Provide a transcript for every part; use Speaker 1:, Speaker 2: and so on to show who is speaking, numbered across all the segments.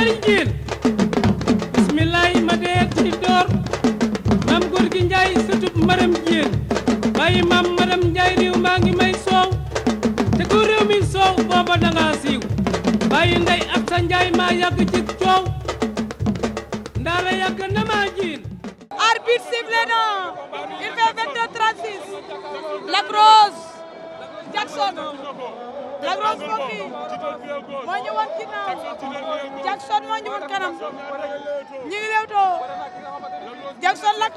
Speaker 1: bari njiin bismillaay ma dee ci door maam góor gi njaay sëtub maram jiin bàyyi maam maram njaay réew maa ngi may soow te ku réew mi soow booba danga siiw bàyyi ndey ak sa njaay maa yàgg ci coow ndaara yàgg na maa jiin
Speaker 2: arbitre sifflé na il fait 22 36 Lac Rose Jackson Lac Rose mbokk yi moo ñu wan ginnaaw Jackson moo Rose Jackson Lac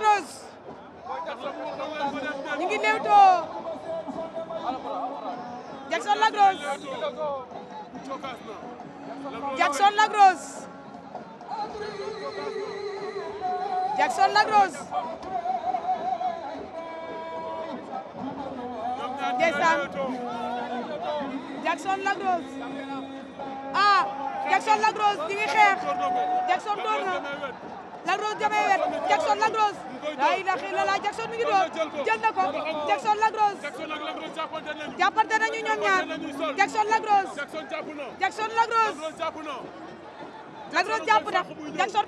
Speaker 2: Rose Jackson
Speaker 1: Lac
Speaker 2: Rose ah Jackson Lac Rose ñu ngi xeex Jackson door
Speaker 1: na Lac Rose jamee wet Jackson Lac Rose la ilaha illallah Jackson mi ngi door jël Jackson Lac Jackson Lac
Speaker 2: Jackson Lac Rose Lac Rose jàpp na Jackson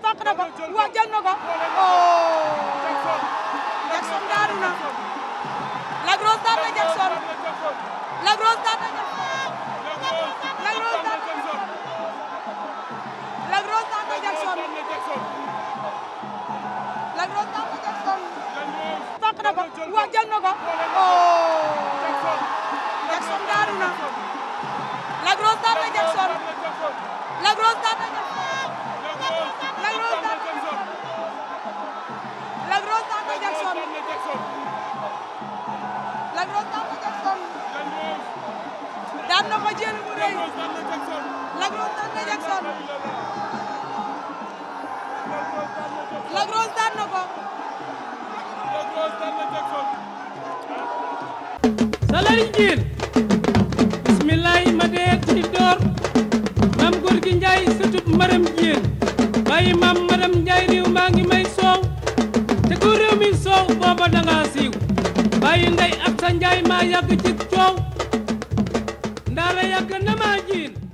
Speaker 2: waaw jël na ko oh Jackson daanu na la grosse daan na Jackson la grosse daan na Jackson la grosse daan na Jackson la grosse daan na Jackson la grosse daan na Jackson daan na ko jël bu rëy la grosse
Speaker 1: daan na Jackson dalay jiin bismillaay ma dee ci door maam góor njaay sëtub maram jiin bàyyi maam maram njaay réew maa ngi may soow te ku mi soow booba danga siiw bàyyi ndey ak njaay maa yàgg ci coow ndaara yàgg na maa jiin